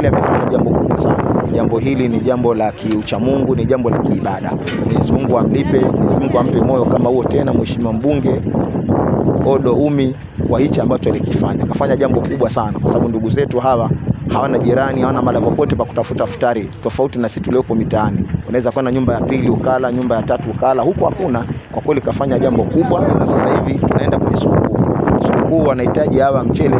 kweli amefanya jambo kubwa sana. Jambo hili ni jambo la kiuchamungu, ni jambo la kiibada. Mwenyezi Mungu amlipe, Mwenyezi Mungu ampe moyo kama huo tena, Mheshimiwa mbunge Odo Umi kwa hichi ambacho alikifanya. Kafanya jambo kubwa sana, kwa sababu ndugu zetu hawa hawana jirani, hawana mahala popote pa kutafuta futari, tofauti na sisi tuliopo mitaani. Unaweza kwenda nyumba ya pili ukala, nyumba ya tatu ukala, huku hakuna. Kwa kweli kafanya jambo kubwa, na sasa hivi tunaenda kwenye sikukuu. Sikukuu wanahitaji hawa mchele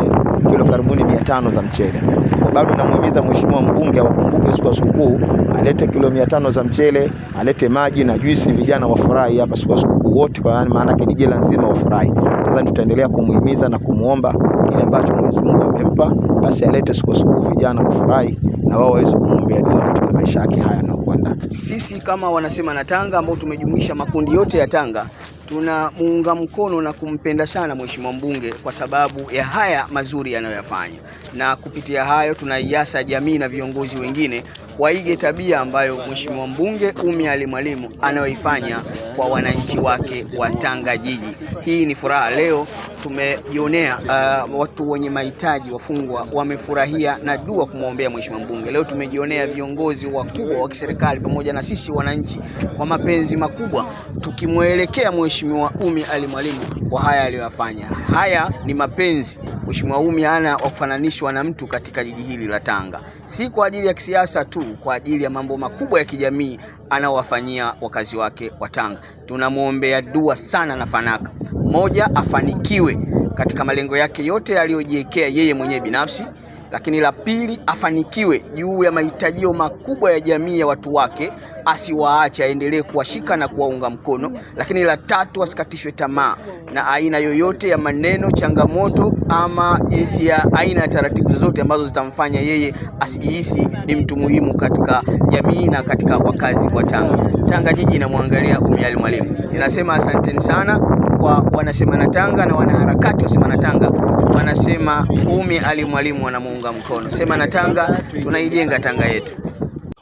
kilo karibuni mia tano za mchele. Kwa bado namuhimiza mheshimiwa mbunge awakumbuke siku ya sikukuu, alete kilo mia tano za mchele, alete maji na juisi, vijana wafurahi hapa siku ya sikukuu wote, kwa maana yake ni jela nzima wafurahi. Sasa tutaendelea kumuhimiza na kumuomba kile ambacho Mwenyezi Mungu amempa, basi alete siku ya sikukuu, vijana wafurahi na wao waweze kumwombea dua katika maisha yake haya yanayokwenda. Sisi kama wanasema na Tanga ambao tumejumuisha makundi yote ya Tanga tunamuunga mkono na kumpenda sana mheshimiwa mbunge kwa sababu ya haya mazuri yanayoyafanya, na kupitia hayo tunaiasa jamii na viongozi wengine waige tabia ambayo mheshimiwa mbunge umi Ali Mwalimu anayoifanya kwa wananchi wake wa Tanga jiji. Hii ni furaha leo tumejionea uh, watu wenye mahitaji wafungwa wamefurahia na dua kumwombea mheshimiwa mbunge. Leo tumejionea viongozi wakubwa wa kiserikali pamoja na sisi wananchi kwa mapenzi makubwa tukimwelekea mheshimiwa Umi Ali Mwalimu kwa haya aliyoyafanya. Haya ni mapenzi. Mheshimiwa Umi ana wa kufananishwa na mtu katika jiji hili la Tanga, si kwa ajili ya kisiasa tu, kwa ajili ya mambo makubwa ya kijamii anaowafanyia wakazi wake wa Tanga. Tunamwombea dua sana na fanaka moja, afanikiwe katika malengo yake yote aliyojiwekea yeye mwenyewe binafsi, lakini la pili, afanikiwe juu ya mahitajio makubwa ya jamii ya watu wake asiwaache, aendelee kuwashika na kuwaunga mkono. Lakini la tatu, asikatishwe tamaa na aina yoyote ya maneno, changamoto ama jinsi ya aina ya taratibu zozote ambazo zitamfanya yeye asijihisi ni mtu muhimu katika jamii na katika wakazi wa Tanga. Tanga jiji inamwangalia Ummy Ali Mwalimu. Ninasema asanteni sana kwa wanasemana Tanga na wanaharakati wa na Tanga wanasema Ummy alimwalimu Mwalimu wanamuunga mkono. sema na Tanga tunaijenga Tanga yetu.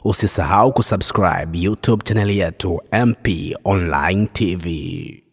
Usisahau kusubscribe YouTube channel yetu MP Online TV.